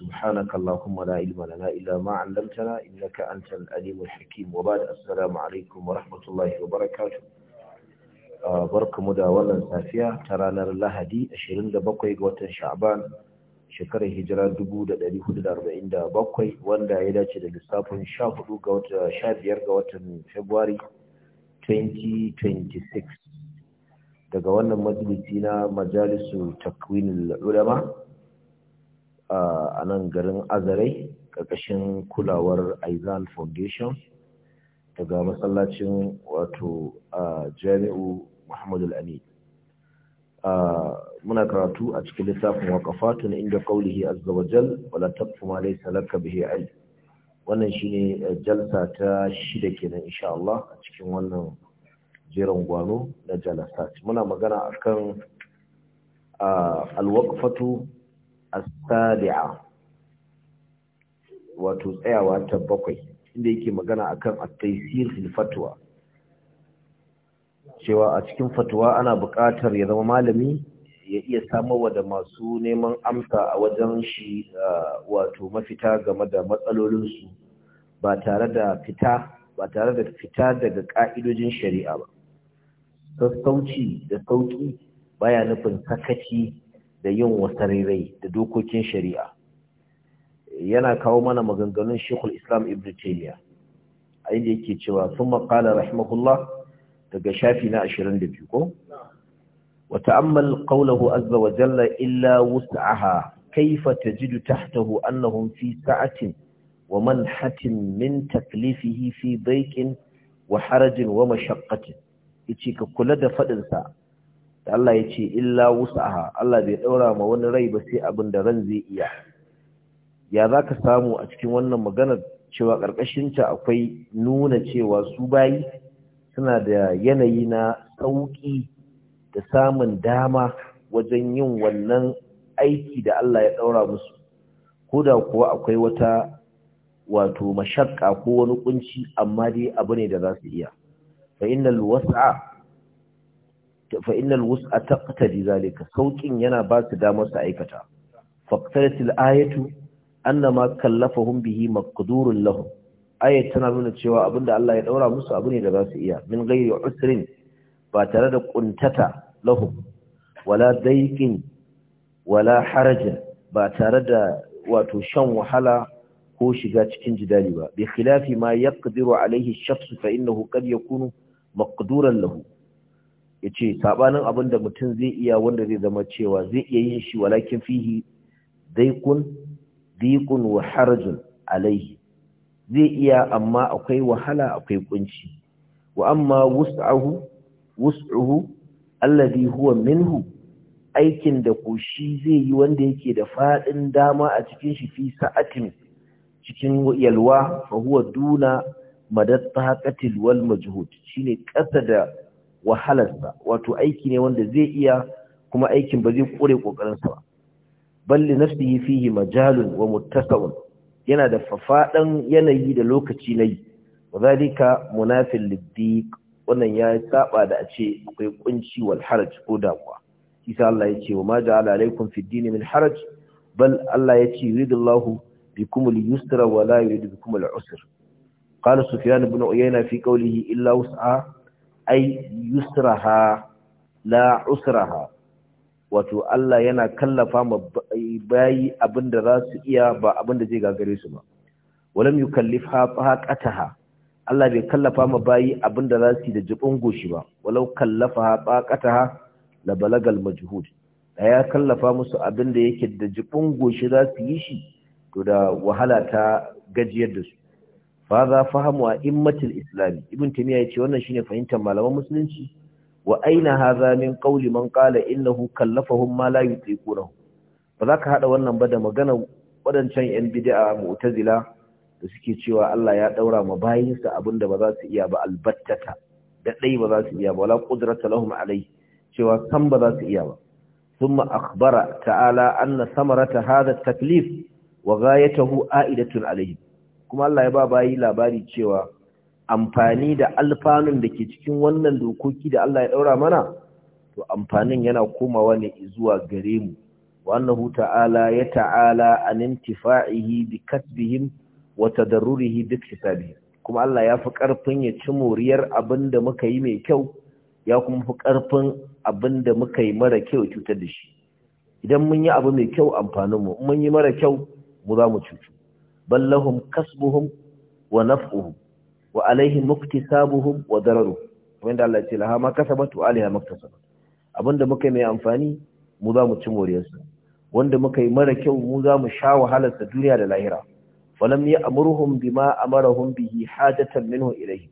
سبحانك اللهم لا علم لنا إلا ما علمتنا إنك أنت الأليم الحكيم وبعد السلام عليكم ورحمة الله وبركاته barkamu da wannan safiya ta ranar Lahadi 27 ga watan Sha'ban shekarar hijira 1447 wanda ya dace da lissafin 14 ga watan 15 ga watan فبواري 2026 daga wannan majalisi na majalisu takwinul ulama a nan garin azarai ƙarƙashin kulawar aizal foundation daga masallacin wato jami'u muhammadu al'amin muna karatu a cikin littafin waƙafatun inda ƙaulihi jal wala taqfu ma laysa laka bihi wannan shine jalsa ta shida kenan insha Allah a cikin wannan jeran gwano na jalasa muna magana akan alwaqfatu as wato tsayawa ta bakwai inda yake magana akan at-taysir fil fatwa cewa a cikin fatwa ana buƙatar ya zama malami ya iya samarwa da masu neman amsa a wajen shi wato mafita game da matsalolinsu ba tare da fita ba tare da fita daga ƙa'idojin shari'a ba sassauci da sauƙi baya nufin sakaci da yin wasarirai da dokokin shari'a yana kawo mana maganganun shekul islam ibn taymiya a yadda cewa sun makala rahimahullah daga shafi na ashirin 22 ko wa ta'ammal qawluhu azza wa jalla illa wus'aha kayfa tajidu tahtahu annahum fi sa'atin wa manhatin min taklifihi fi dayqin wa harajin wa mashaqqatin yace ka kula da faɗinsa. da Allah ya ce illa wusaha Allah bai daura ma wani rai ba sai abin da ran zai iya ya zaka samu a cikin wannan maganar cewa karkashin ta akwai nuna cewa su bayi suna da yanayi na sauƙi da samun dama wajen yin wannan aiki da Allah ya daura musu ko da kuwa akwai wata wato mashakka ko wani kunci amma dai abu ne da za su iya fa innal was'a fa innal ta taqtadi zalika saukin yana ba su damar su aikata faqtalat al-ayatu annama kallafahum bihi maqdurun lahum ayat tana nuna cewa abinda Allah ya ɗaura musu abu ne da za su iya min ghairi usrin ba tare da ƙuntata lahum wala daiqin wala harajin ba tare da wato shan wahala ko shiga cikin jidali ba bi khilafi ma yaqdiru alaihi ash-shakhs fa innahu qad kunu, maqduran lahu ya ce saɓanin abin da mutum zai iya wanda zai zama cewa zai iya yin shi walakin fihi daikun dikun wa harajun alaihi zai iya amma akwai wahala akwai kunci wa amma wus'ahu wus'uhu alladhi huwa minhu aikin da shi zai yi wanda yake da fadin dama a cikin shi fi sa'atin cikin yalwa fa huwa duna madatta haqatil wal majhud shine ƙasa da wahalarsa wato aiki ne wanda zai iya kuma aikin ba zai kure kokarinsa ba balli nafsihi fihi majalun wa muttasawun yana da fafadan yanayi da lokaci na yi wadhalika munafil liddiq wannan ya saba da a ce akwai kunci wal haraj ko damuwa isa Allah ya ce wa ma ja'ala alaikum fid din min haraj bal Allah ya ce yuridullahu bikum al yusra wa la yuridu bikum al usra qala sufyan ibn uyayna fi qawlihi illa wus'a ai yusraha la usraha wato Allah yana kallafa ma bayi abinda za su iya ba abinda zai gagare su ba walam yukallifha faqataha Allah bai kallafa ma bayi abinda za su yi da jibin goshi ba walau kallafa faqataha la balagal majhud ya kallafa musu abinda yake da jibin goshi za su yi shi to da wahala ta gajiyar da su fa za fahimu a immatin islami ibn tamiya ce. wannan shine fahimtar malaman musulunci wa aina hadha min qawli man qala innahu kallafahum ma la yutiqunahu ba za ka hada wannan ba da magana wadancan yan bid'a mu'tazila da suke cewa Allah ya daura ma bayinsa abinda ba za su iya ba albattata da dai ba za su iya ba wala qudrata lahum alai cewa kan ba za su iya ba thumma akhbara ta'ala anna samarata hadha at-taklif wa ghayatuhu a'idatun alayhi kuma Allah ya ba bayi labari cewa amfani da alfanun da ke cikin wannan dokoki da Allah ya ɗaura mana to amfanin yana komawa ne zuwa gare mu ya ta'ala an intifa'ihi bi kasbihim wa tadarrurihi bi باكتسابهم kuma Allah ya fi ƙarfin ya ci moriyar abinda muka yi mai kyau ya kuma fi ƙarfin abinda muka yi mara kyau cutar da shi idan mun yi abu mai kyau amfaninmu mun yi mara kyau mu za mu cutu bal lahum kasbuhum wa naf'uhum wa alaihim muktisabuhum wa dararuhum wanda Allah ya ce laha ma kasabat wa muka yi mai amfani mu za mu ci moriyarsa wanda muka yi mara kyau mu za mu sha wahalarsa duniya da lahira falam ya amurhum bima amarahum bihi hajatan minhu ilayhi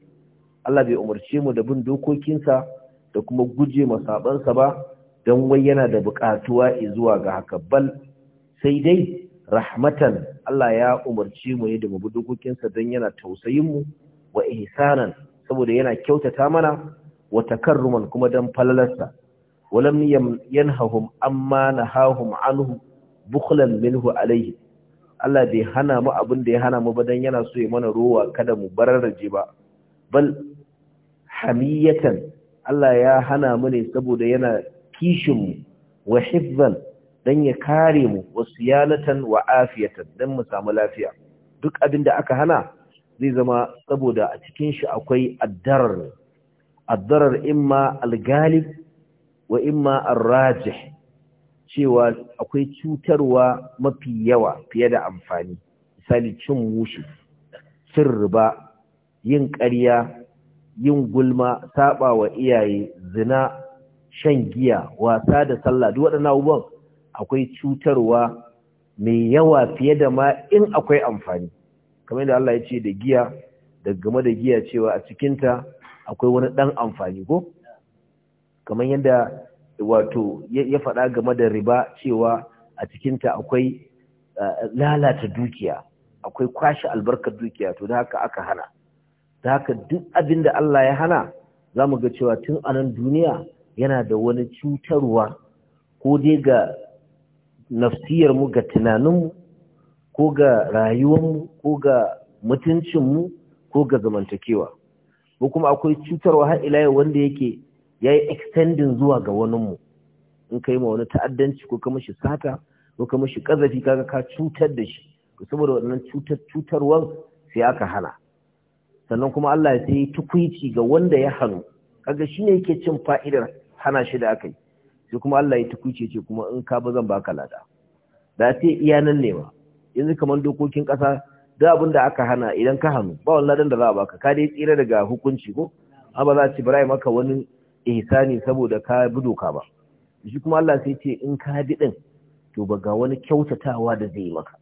Allah bai umarce mu da bin dokokinsa da kuma guje masabansa ba don wai yana da buƙatuwa zuwa ga haka bal sai dai rahmatan Allah ya umarci mu yadda da mu bi dokokinsa don yana tausayin mu wa ihsanan saboda yana kyautata mana wa takarruman kuma don falalarsa walam yanhahum amma nahahum anhu bukhlan minhu alayhi Allah bai hana mu abin da ya hana mu ba dan yana so ya mana rowa kada mu bararraje ba bal hamiyatan Allah ya hana mu ne saboda yana kishin mu wa hifzan dan ya kare mu wasiyanatan wa afiyatan dan mu samu lafiya duk abin da aka hana zai zama saboda a cikin shi akwai addarar addarar imma algalib wa imma arrajih cewa akwai cutarwa mafi yawa fiye da amfani misali cin mushi cin riba yin ƙarya yin gulma saba iyaye zina shan giya wasa da sallah duk waɗannan abubuwan akwai cutarwa mai yawa fiye da ma in akwai amfani kamar da Allah ya ce da giya da game da giya cewa a cikinta akwai wani ɗan amfani ko kamar yadda wato ya faɗa game da riba cewa a cikinta akwai eh, lalata dukiya akwai kwashe albarkar dukiya to da haka aka hana da haka duk abin da Allah ya hana za mu ga cewa tun anan duniya yana da wani cutarwa ko dai ga nafsiyarmu ga tunaninmu ko ga mu, ko ga mutuncinmu ko ga zamantakewa ko kuma akwai cutarwa har ila wanda yake ya yi extending zuwa ga waninmu in ka yi ma wani ta'addanci ko ka shi sata ko kama shi kazafi kaga ka cutar da shi saboda wannan cutar cutarwar sai aka hana sannan kuma Allah ya sai tukuici ga wanda ya hannu kaga shine yake cin fa'idar hana shi da aka yi sai kuma Allah ya tukuce ce kuma in ka ba zan baka lada da sai iya nan ne yanzu kamar dokokin kasa duk abin da aka hana idan ka hanu ba wani ladan da za a baka ka dai tsira daga hukunci ko ba za a ci bara maka wani ihsani saboda ka bi doka ba shi kuma Allah sai ce in ka bi din to ba ga wani kyautatawa da zai maka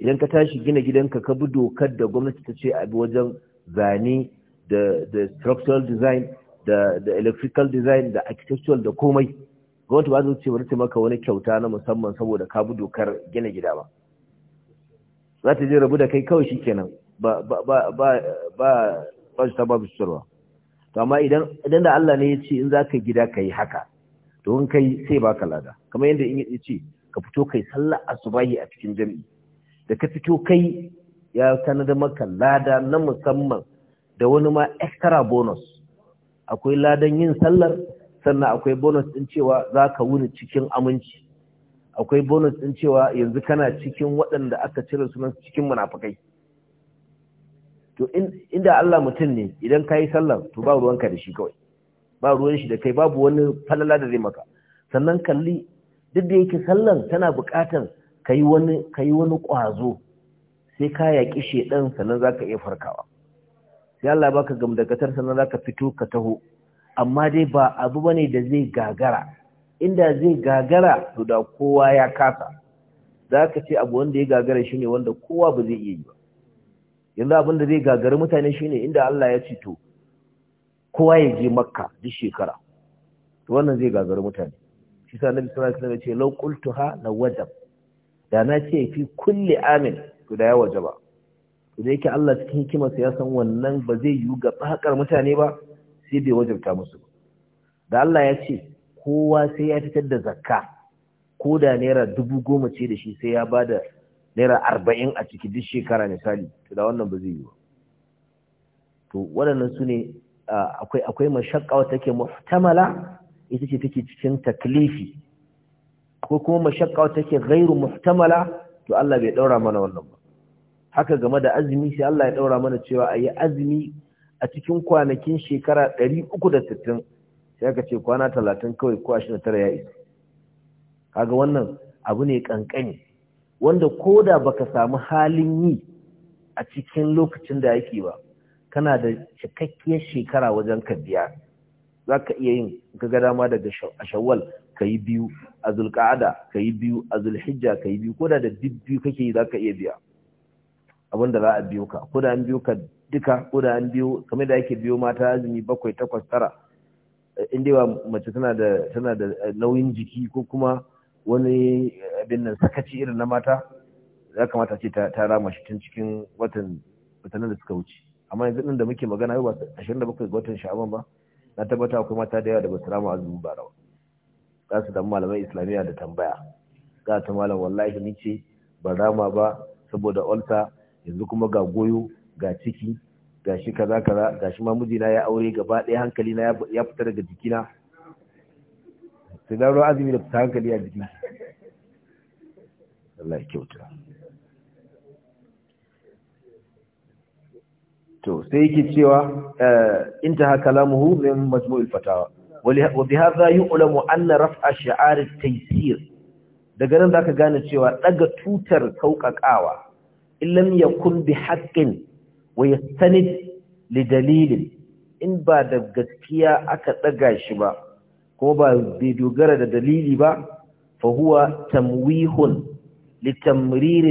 idan ka tashi gina gidanka ka bi dokar da gwamnati ta ce a bi wajen zane da structural design da da electrical design da architectural da komai gwamnati ba zai ce bari ta maka wani kyauta na musamman saboda ka bi dokar gina gida ba za ta je rabu da kai kawai shikenan ba ba ba ba ba ta ba to amma idan idan da Allah ne ya ce in za ka gida ka yi haka to in kai sai ba ka lada kamar yadda in ya ce ka fito kai sallar asubahi a cikin jami'i da ka fito kai ya tanada maka lada na musamman da wani ma extra bonus akwai ladan yin sallar sannan akwai bonus din cewa za ka wuni cikin aminci akwai bonus ɗin cewa yanzu kana cikin waɗanda aka cire sunan cikin munafukai to inda Allah mutum ne idan ka yi sallan, to ba ruwanka da shi kawai ba ruwan shi da kai babu wani falala da zai maka sannan kalli duk da yake sallan tana buƙatar ka yi wani ƙwazo sai ka yaƙi ɗan sannan za ka iya farkawa sai Allah baka gamdagatar sannan za ka fito ka taho amma dai ba abu bane da zai gagara inda zai gagara to da kowa ya kasa za ka ce abu wanda ya gagara shine wanda kowa ba zai iya yi ba yanzu abin da zai gagari mutane shine inda Allah ya ce to kowa ya je makka duk shekara to wannan zai gagari mutane shi sa nabi sallallahu alaihi wasallam ya ce law qultuha la wajab da na ce fi kulli amin to da ya wajaba to da yake Allah cikin hikimarsa ya san wannan ba zai yiwu ga tsakar mutane ba sai bai wajabta musu ba. da Allah ya ce kowa sai ya fitar da zakka ko da naira dubu goma ce da shi sai ya ba da naira arba'in a ciki duk shekara misali to da wannan ba zai yi ba to waɗannan su ne akwai akwai mashakka wata take muhtamala ita ce take cikin taklifi ko kuma mashakka wata take gairu muhtamala to Allah bai ɗaura mana wannan ba haka game da azumi sai Allah ya ɗaura mana cewa ayi azumi a cikin kwanakin shekara 360 sai aka ce kwana 30 kawai ko 29 ya isa kaga wannan abu ne kankani wanda koda baka samu halin yi a cikin lokacin da yake ba kana da cikakkiyar shekara wajen ka biya za ka iya yin ka ga dama daga shawwal ka yi biyu a zulka'ada ka yi biyu a zulhijja ka yi biyu ko da da biyu kake yi za ka iya biya abin da za a biyo ka ko da an biyo ka duka ko da an biyo kamar da yake biyo mata azumi bakwai takwas tara in dai mace tana da tana da eh, nauyin jiki ko kuma wani eh, abin nan sakaci irin na mata ya kamata ce ta rama shi tun cikin watan watannin da suka wuce amma yanzu din da muke magana yau ba 27 ga watan sha'aban ba na tabbata akwai mata da yawa da ba su rama azumi ba rawa za su damu malamai islamiyya da tambaya za ta malam wallahi ni ce ba rama ba saboda olta yanzu kuma ga goyo ga ciki ga shi kaza kaza shi ma mijina ya aure gaba ɗaya hankali na ya fita daga jikina sai da ruwa azumi da fita hankali a jiki Allah kyauta to sai yake cewa eh, intaha kalamuhu min majmu'il fatawa wa bi hadha yu'lamu anna raf'a shi'ar at-taysir daga nan zaka gane cewa daga tutar saukakawa illam yakun bi haqqin wa yastanid li dalilin in ba da gaskiya aka daga shi ba ko ba bai dogara da dalili ba fa huwa tamwihun li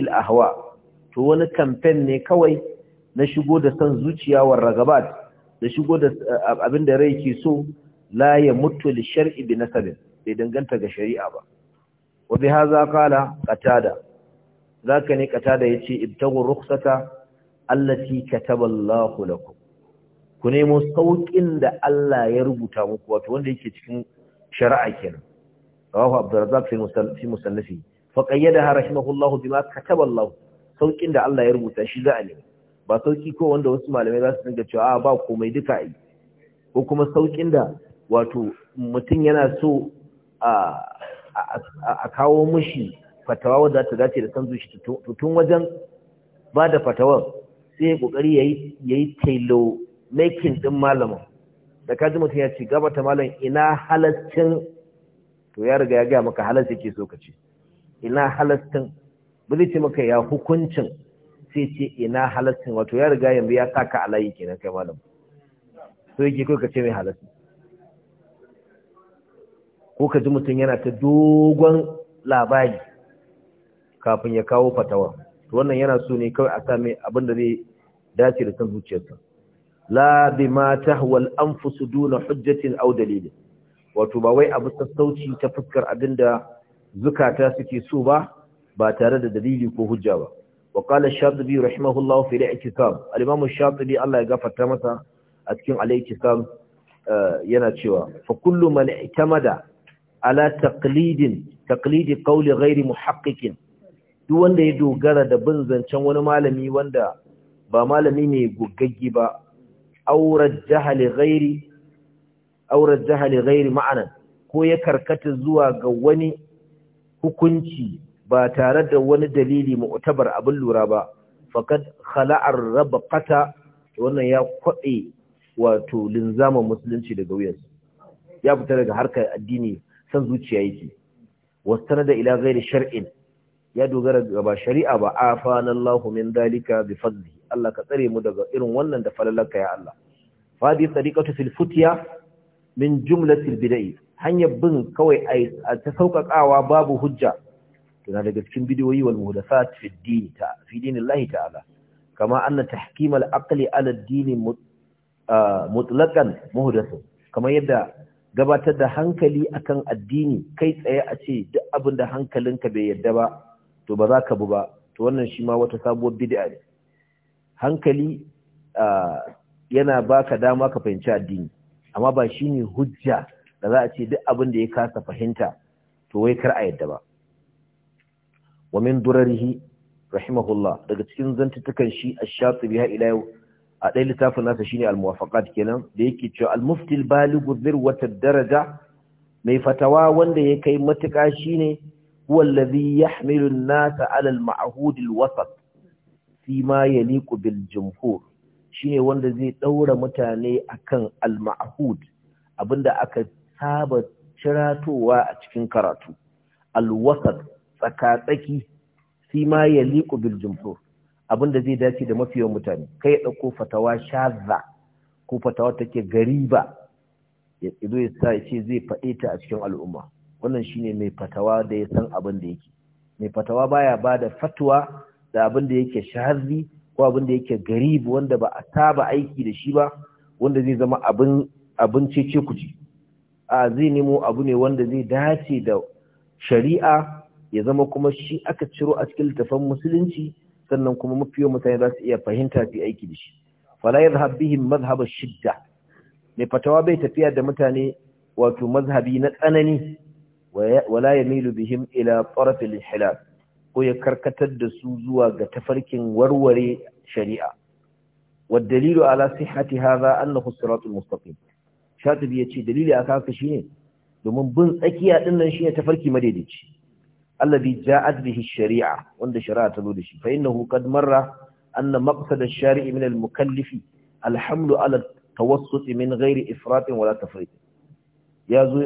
a ahwa to wani campaign ne kawai na shigo da san zuciya war ragabat da shigo da abin da rai ke so la ya mutu li shar'i bi bai danganta ga shari'a ba wa bi hadha qala qatada zaka ne qatada yace ibtagu rukhsata allati kataballahu lakum ku nemo sauƙin da Allah ya rubuta muku wato wanda yake cikin shari'a kenan rawahu abdurrazzaq fi fi musannafi fa qayyadaha rahimahullahu bima kataballahu sauƙin da Allah ya rubuta shi za a ba sauki ko wanda wasu malamai za su dinga cewa a ba komai duka yi ko kuma sauƙin da wato mutum yana so a a kawo mushi fatawa wadda ta dace da san zuci tun wajen ba da fatawar sai ya kokari yayi yayi tailo making din malamin da ji mutum ya gaba gabata malam ina halastin to ya riga ya ga maka halacci yake so ka ce ina halastin ba zai ce maka ya hukuncin sai ce ina halastin wato ya riga yanzu ya saka alayi kenan kai malam so yake kai ka ce mai halacci ko ka ji mutum yana ta dogon labari kafin ya kawo fatawa wannan yana so ne kawai a sami abin da zai dace da san zuciyarsa la bima tahwa al-anfus duna hujjatin aw dalil wato ba wai abu sassauci ta fuskar abinda zukata suke so ba ba tare da dalili ko hujja ba wa qala ash-shatibi rahimahullahu fi al-i'tikam al-imam shatibi Allah ya gafarta masa a cikin al eh, yana cewa fa kullu man i'tamada ala taqlidin taqlidi qawli ghairi muhaqqiqin duk wanda ya dogara da bin zancen wani malami wanda ba malami ne gogaggi ba aurar jahali ghairi aurar ma'ana ko ya karkata zuwa ga wani hukunci ba tare da wani dalili mu'tabar abin lura ba faqad khala'ar rabqata wannan ya kwabe wato linzamin musulunci daga wuyarsa ya fita daga harkar addini san zuciya yake wasanada ila ghairi shar'in ya dogara gaba shari'a ba a Allah min dalika bi fadli Allah ka tsare mu daga irin wannan da falalarka ya Allah fadi tariqatu fil futya min jumlatil bid'i hanyar bin kawai a ta saukakawa babu hujja tana daga cikin bidiyoyi wal muhdathat fi din ta fi dinillahi ta'ala kama anna tahkim al aqli ala ad-din mutlaqan muhdath kamar yadda gabatar da hankali akan addini kai tsaye a ce duk abin da hankalinka bai yadda ba to ba za ka bu ba to wannan shi ma wata sabuwar bid'a ne hankali yana baka dama ka fahimci addini amma ba shi ne hujja da za a ce duk abin da ya kasa fahimta to wai kar a yadda ba wa min durarihi rahimahullah daga cikin zantutukan shi ash-shatibi ha ila yau a ɗaya littafin nasa shine al-muwafaqat kenan da yake cewa al-mufti al-balighu dhirwatad daraja mai fatawa wanda ya kai matuƙa shine huwa alladhi yahmilu an-nasa alal al-ma'hud al-wasat fi jumhur shine wanda zai daura mutane akan al-ma'hud abinda aka saba ciratowa a cikin karatu al-wasat tsakatsaki fi ma liku bil jumhur abinda zai dace da mafiyan mutane kai ya dauko fatawa shaza ko fatawa take gariba ya ido ya sa ce zai faɗe ta a cikin al'umma wannan shine mai fatawa da ya san abin da yake mai fatawa baya ba da fatwa da abin da yake shahazi ko abin da yake garib wanda ba a saba aiki da shi ba wanda zai zama abin abin cece kuci a zai nemo abu ne wanda zai dace da shari'a ya zama kuma shi aka ciro a cikin littafin musulunci sannan kuma mafi yawan mutane za su iya fahimta su aiki da shi fala yadhhab bihim madhhab shidda mai fatawa bai tafiya da mutane wato mazhabi na tsanani wala milu bihim ila taraf al ko ya karkatar da su zuwa ga tafarkin warware shari'a والدليل sihati صحة هذا أنه الصراط المستقيم شاطب يتشي دليل أكاك شيني domin bin tsakiya dinnan shine tafarki madaidaici alladhi ja'at bihi sharia wanda shari'a ta zo da shi fa innahu qad marra anna maqsad ash-shari'i min al-mukallif al-hamlu ala at-tawassut min ghairi ifrat wala tafrit ya zo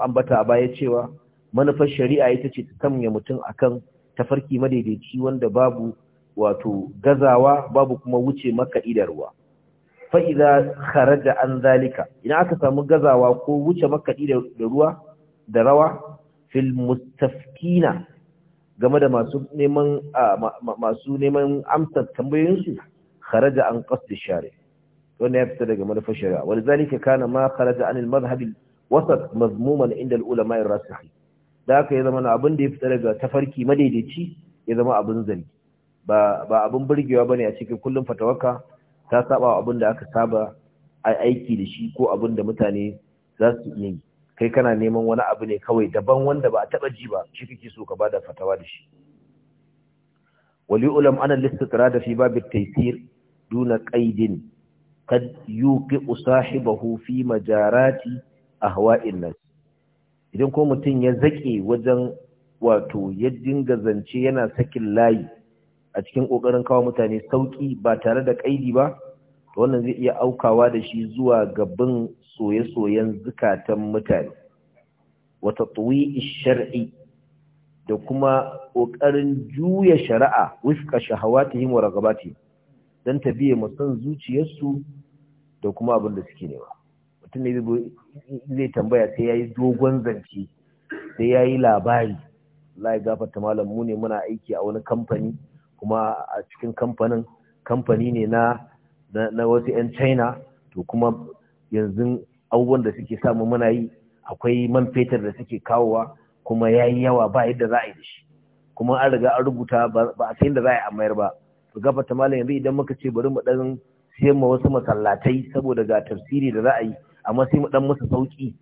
ambata a baya cewa manufar shari'a ita ce ta sanya mutum akan tafarki madaidaici wanda babu wato gazawa babu kuma wuce makaɗi da ruwa fa'iza kharaja an zalika ina aka samu gazawa ko wuce makaɗi da ruwa da rawa fil mustafkina game da masu neman masu amsar tambayoyinsu kharaja an kasta share wannan ya fita daga manufar shari'a wani zalika kana ma kharaja an mazhabin? wasat mazmuman inda ulama ar-rasikhi da aka ya zama na abin da ya fita daga tafarki madaidaici ya zama abin zargi ba ba abin burgewa bane a cikin kullun fatawaka ta saba abin da aka saba ai aiki da shi ko abin da mutane za su iya yi kai kana neman wani abu ne kawai daban wanda ba a taba ji ba shi kake so ka bada fatawa da shi wali ulam ana listitra da fi babu taysir duna ka'idin kad yuqi usahibahu fi majarati ahwa'in nas idan ko mutum ya zaƙe wajen wato ya dinga zance yana sakin layi a cikin ƙoƙarin kawo mutane sauƙi ba tare da ƙaidi ba to wannan zai iya aukawa da shi zuwa gaban soye-soyen zukatan mutane wata tuwi shar'i da kuma ƙoƙarin juya shari'a wifka shahawatihim wa ragabati dan ta biye musan zuciyarsu da kuma abin da suke nema mutum zai tambaya sai ya yi dogon zance sai ya yi labari ya gafarta malam mu ne muna aiki a wani kamfani kuma a cikin kamfanin kamfani ne na na wasu 'yan china to kuma yanzu abubuwan da suke samu muna yi akwai man fetur da suke kawowa kuma ya yi yawa ba yadda za a yi da shi kuma an riga an rubuta ba a sayin da za a yi a mayar ba to gafarta malam yanzu idan muka ce bari mu ɗan siyan ma wasu masallatai saboda ga tafsiri da za a yi amma sai mu dan musu sauki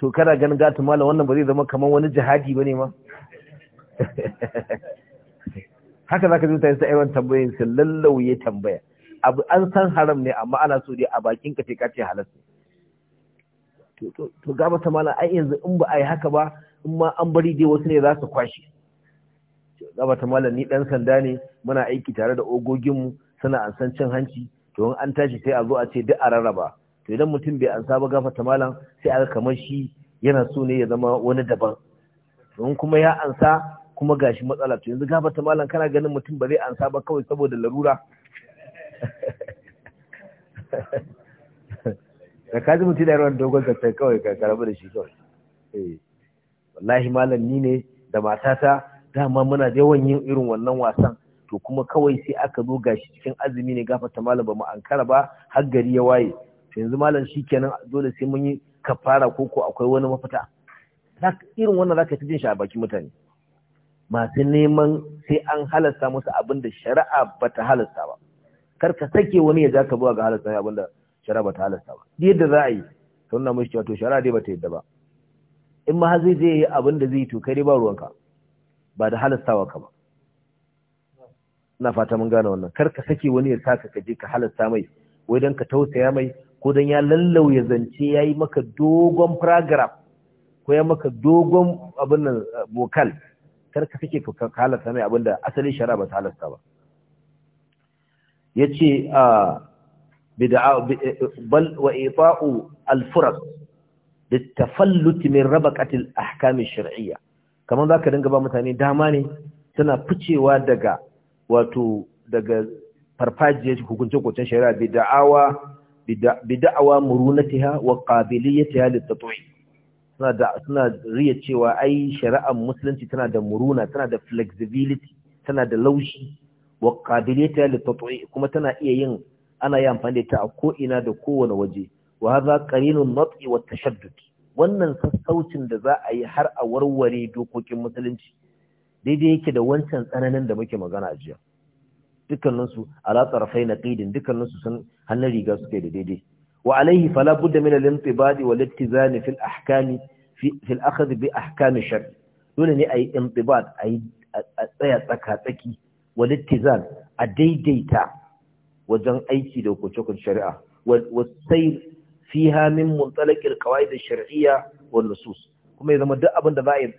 to kana ganin gatu malam wannan ba zai zama kamar wani jihadi bane ma haka zaka ji mutane sai aiwan tambayin lallau lallauye tambaya abu an san haram ne amma ana so dai a bakin ka sai ka ce halal to to gaba ta malam ai yanzu in ba ai haka ba in ma an bari dai wasu ne za su kwashi gaba ta malam ni dan sanda ne muna aiki tare da ogogin mu suna an san cin hanci to in an tashi sai a zo a ce duk a rarraba to idan mutum bai ansa ba gafarta malam sai aka kamar shi yana so ne ya zama wani daban in kuma ya ansa kuma gashi matsala to yanzu gafarta malam kana ganin mutum ba zai ansa ba kawai saboda larura da ka ji mutum da yawan dogon zartar kawai ka karabu da shi kawai eh. wallahi malam ni ne da matata dama muna yawan yin irin wannan wasan to kuma kawai sai aka zo gashi cikin azumi ne gafarta malam ba mu ankara ba har gari ya waye to yanzu malam shikenan dole sai mun yi kafara ko ko akwai wani mafita irin wannan zaka ta jin shi a bakin mutane masu neman sai an halasta musu abin da shari'a ba ta halasta ba kar ka sake wani ya zaka zuwa ga halasta abin da shari'a ba ta halasta ba yadda za a yi sunna mai cewa to shari'a dai ba ta yadda ba in ma zai je yi abin da zai to kai dai ba ruwanka ba da halastawa ka ba ina fata mun gane wannan kar ka sake wani ya saka ka je ka halatta mai wai dan ka tausaya mai ko dan ya lallauya zance yayi maka dogon paragraph ko ya maka dogon abin nan eh, vocal kar ka sake ka halatta mai abinda asali shara ba ta halatta ba yace a ah, bid'a eh, bal wa ifa'u al-furas litafallut min rabaqati al-ahkam ash-shar'iyya kamar zaka dinga ba mutane dama ne suna ficewa daga wato daga farfajiyar hukuncin kocin shari'a bida'awa bida'awa murunatiha wa qabiliyatiha litatwi suna da suna riya cewa ai shari'ar musulunci tana da muruna tana da flexibility tana da laushi wa qabiliyatiha litatwi kuma tana iya yin ana yi amfani da ta a ko ina da kowane waje wa hadha qalilun nat'i wa tashaddud wannan sassaucin da za a yi har a warware dokokin musulunci daidai yake da wancan tsananin da muke magana a jiya dukkaninsu ala na ƙidin dukkaninsu sun hannun riga suke da daidai wa alaihi fala budda min al-intibadi wal ittizani fil ahkami fil akhd bi ahkami shar dole ne ayi intibad ayi tsaya tsaka tsaki wal ittizan a daidaita wajen aiki da hukuncin shari'a wal sai fiha min muntalaqil qawaid ash-shar'iyya wan nusus kuma ya zama duk abin da za a yi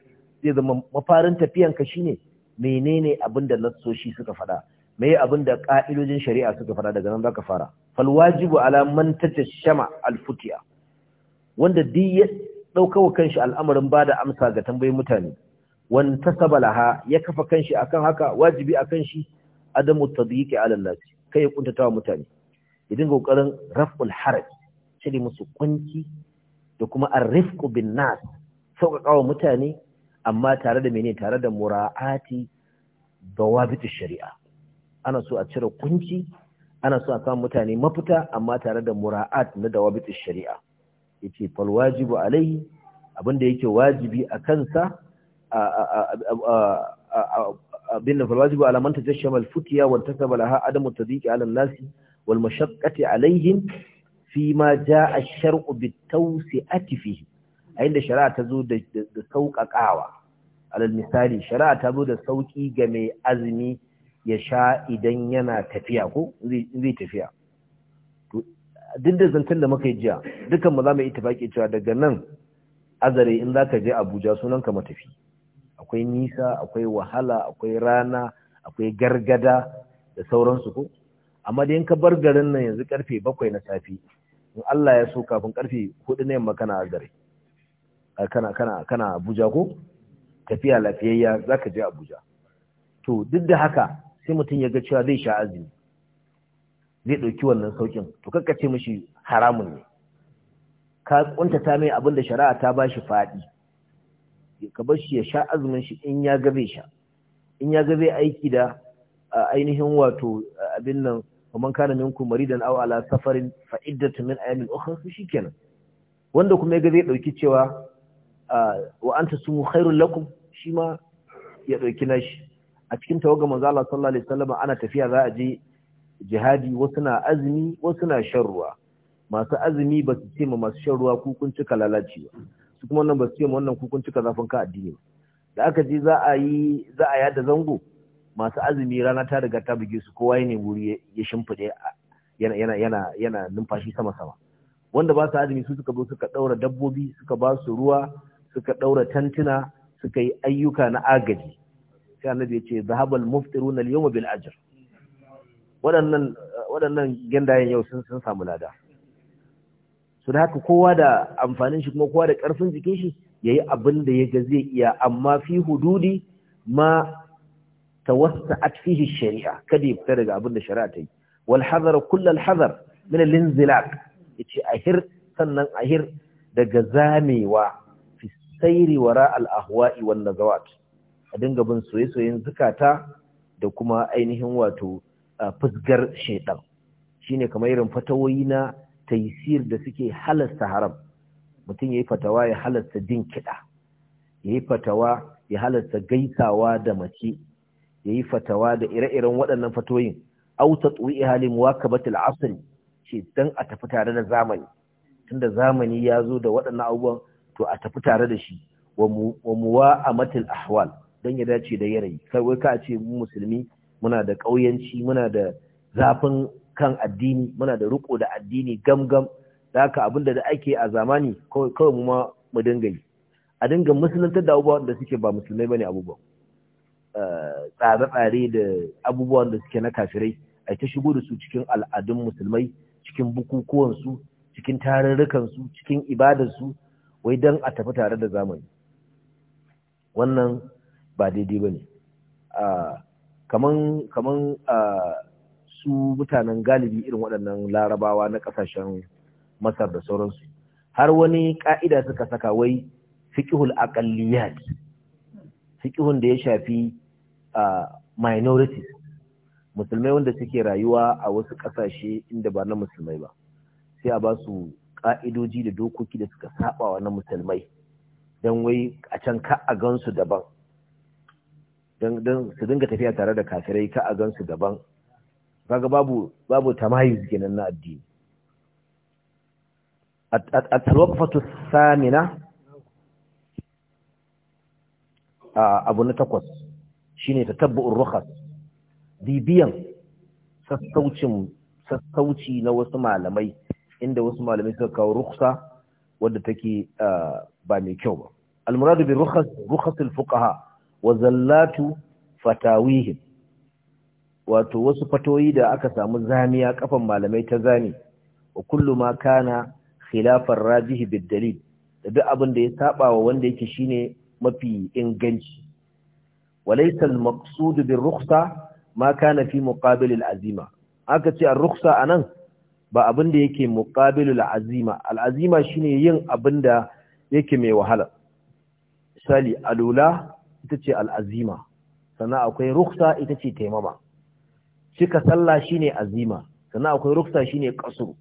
zai zama mafarin ka shine menene abin da nassoshi suka fada? me abin da ƙa'idojin shari'a suka fada? daga nan zaka fara fal wajibu ala man tatashama al futiya wanda duk ya dauka wa kanshi al'amarin bada amsa ga tambayoyin mutane wan tasaba ya kafa kanshi akan haka wajibi akan shi adamu tadyiqi ala nas kai ya kuntatawa mutane idan kokarin raf'ul haraj cire musu kunci da kuma ar bin nas sauƙaƙa mutane amma tare da mene tare da mura'ati dawabitu shari'a ana so a cire kunci ana so a samu mutane mafita amma tare da mura'at na dawabitu shari'a yace fal wajibu alaihi abinda yake wajibi a kansa abin da fal wajibu ala man tajashama al futiya wa tasaba laha adamu tadiqi ala nasi wal mashaqqati alaihim fi ma jaa ash-shar'u bit tawsi'ati fihi a shari'a ta zo da sauƙaƙawa alal misali shari'a ta zo da sauki ga mai azumi ya sha idan yana tafiya ko zai tafiya duk da zancen da muka yi jiya dukan mu za mu yi tafaki cewa daga nan azare in za ka je abuja sunan ka matafi akwai nisa akwai wahala akwai rana akwai gargada da sauransu ko amma da ka bar garin nan yanzu karfe bakwai na safi in Allah ya so kafin karfe hudu na yamma kana azare kana kana kana abuja ko tafiya lafiyayya za ka je Abuja to duk da haka sai mutum ya ga cewa zai sha azumi zai ɗauki wannan saukin to ce mashi haramun ne ka ta mai abin da shari'a ta ba shi faɗi ka bar shi ya sha azumin shi in ya ga zai sha in ya ga aiki da ainihin wato abin nan kuma kana minkum maridan aw ala safarin fa iddatu min ayamin ukhra shikenan wanda kuma ya ga zai ɗauki cewa wa anta sumu khairul lakum shi ma ya dauki nashi a cikin tawaga manzo Allah sallallahu alaihi wasallam ana tafiya za a je jihadi wasu na azumi wasu na shan ruwa masu azumi ba su ce ma masu shan ruwa ku kun cika lalaci ba su kuma wannan ba su ce ma wannan ku kun cika zafin ka addini ba da aka je za a yi za a yada zango masu azumi rana ta riga ta buge su kowa ne wuri ya shimfide yana yana yana yana numfashi sama sama wanda ba su azumi su suka zo suka daura dabbobi suka ba su ruwa suka ɗaura tantuna suka yi ayyuka na agaji sai annabi ya ce zahabal muftiruna al-yawma bil ajr waɗannan waɗannan gendayen yau sun sun samu lada su da haka kowa da amfanin shi kuma kowa da ƙarfin jikin shi yayi abin da ga zai iya amma fi hududi ma tawassa'at fihi shari'a kada ya fita daga abin da shari'a ta yi wal hadar kull al hadar min al inzilaq yace ahir sannan ahir daga zamewa sairi wara al-ahwa'i wan nazawat a dinga bin soyayyen zukata da kuma ainihin wato ah, fusgar Shi shine kamar irin fatawoyi na taysir da suke halasta haram mutum yayi fatawa ya halasta din kida yayi fatawa ya halasta gaisawa da mace yayi fatawa da ire-iren waɗannan fatoyin aw tatwi'i halim waqabatil asr shi dan a tafi tare da zamani tunda zamani ya zo da waɗannan abubuwan to a tafi tare da shi wa muwa'amatil ahwal don ya dace da yanayi kai wai ka ce mu musulmi muna da ƙauyanci muna da zafin kan addini muna da riko da addini gamgam da haka abinda da ake a zamani kawai mu ma mu dinga yi a dinga musulunta da abubuwan da suke ba musulmai bane abubuwa. Eh, tsare-tsare da abubuwan da suke na kafirai a ta shigo da su cikin al'adun musulmai cikin bukukuwansu cikin su, cikin ibadarsu wai don a tafi tare da zamani wannan ba daidai ba ne kaman su mutanen galibi irin waɗannan larabawa na ƙasashen masar da sauransu har wani ƙa'ida suka saka wai fiƙihul aƙalliyat fiƙihun da ya shafi minorities musulmai wanda suke rayuwa a wasu ƙasashe inda ba na musulmai ba sai a ba su ƙa'idoji da dokoki da suka saba na musulmai don wai a can ka a gansu daban don su dinga tafiya tare da kafirai ka a gansu daban kaga babu babu tamayiz kenan na addini A waqfatu samina abu na takwas shine tatabbu'ur rukhas bibiyan sassauci na wasu malamai inda wasu malamai suka kawo rukhsa wadda take ba mai kyau ba al-muradu bi rukhas rukhasul fuqaha wa zallatu fatawihim wato wasu fatoyi da aka samu zamiya kafan malamai ta zani wa kullu ma kana khilafar rajihi bid dalil da duk abin da ya saba wa wanda yake shine mafi inganci walaysa al bin bi rukhsa ma kana fi muqabil azima aka ce ar-rukhsa anan ba abin da yake muqabilul al'azima. al'azima shine yin abin da yake mai wahala misali alula ita ce al'azima sannan akwai ruksa ita ce taimama cika sallah shine azima sannan akwai ruksa shine ƙasuru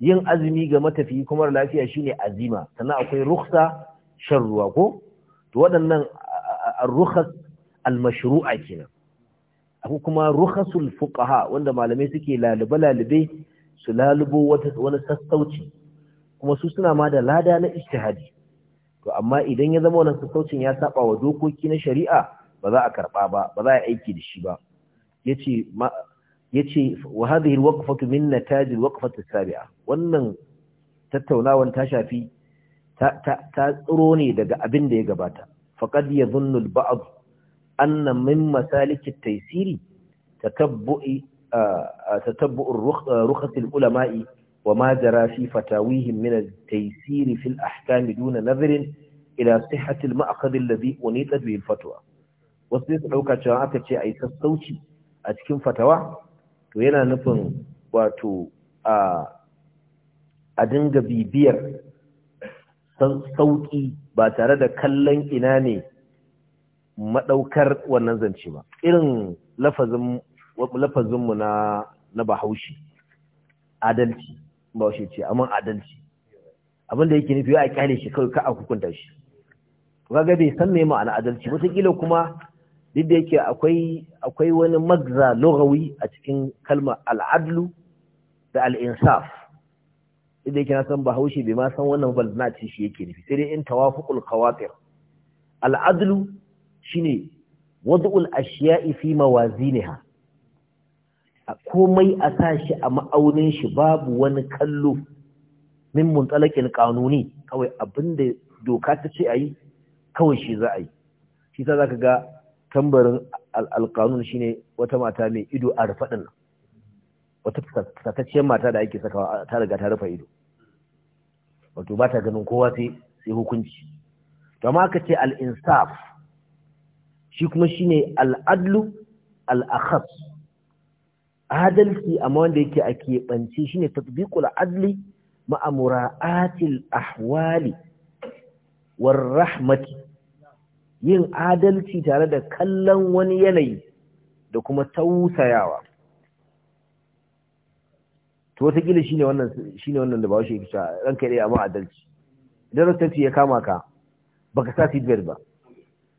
yin azumi ga matafiyi kuma lafiya shine azima sannan akwai ruksa shan ruwa ko to waɗannan ar al-mashru'a kenan akwai kuma rukhasul fuqaha wanda malamai suke lalube lalube su lalubo wani sassauci kuma su suna ma da lada na ijtihadi to amma idan ya zama wannan sassaucin ya saba wa dokoki na shari'a ba za a karba ba ba za a aiki da shi ba yace yace wa hadhihi alwaqfatu min nataj alwaqfati as wannan tattaunawan ta shafi ta tsiro ne daga abin da ya gabata faqad yadhunnu al-ba'd anna min masalik at-taysiri takabbu'i tatabbu'ur rukhatil ulama'i wa ma jara fi fatawihim min at-taysir fi al-ahkam duna nadhr ila sihhati al-ma'qad alladhi unitat bihi al-fatwa wasu su dauka cewa aka ce ai sassauci a cikin fatawa to yana nufin wato a dinga bibiyar sauƙi ba tare da kallon ina ne maɗaukar wannan zance ba irin lafazin lafazinmu na na bahaushe adalci bahaushe ce amma adalci abin da yake nufi a kyale shi kawai ka a hukunta shi kaga bai san me ma'ana adalci wataƙila kuma duk da yake akwai akwai wani magza lughawi a cikin kalmar al'adlu da al'insaf duk da yake na san bahaushe bai ma san wannan balnati na shi yake nufi sai dai in tawafuqul qawatir al'adlu shine wad'ul ashiya'i fi mawazinha komai a sa shi a ma'aunin shi babu wani kallo min muntsalakin kanuni kawai abinda doka ta ce a yi kawai shi za a yi shi ta za ka ga tambarin alkanun shi ne wata mata mai ido a rufaɗin nan wata fatacciyar mata da ake sakawa ta riga ta rufa ido wato ba ta ganin kowa sai hukunci to ma ka ce al'insaf shi kuma shi ne al'adlu al'akhas adalci amma wanda yake a keɓance shine tatbiqul adli maamura'atil atil ahwali war rahmati yin adalci tare da kallon wani yanayi da kuma tausayawa to wataƙila shine wannan shine wannan da ba shi yake cewa ranka dai amma adalci idan rattaci ya kama ka baka sa seatbelt ba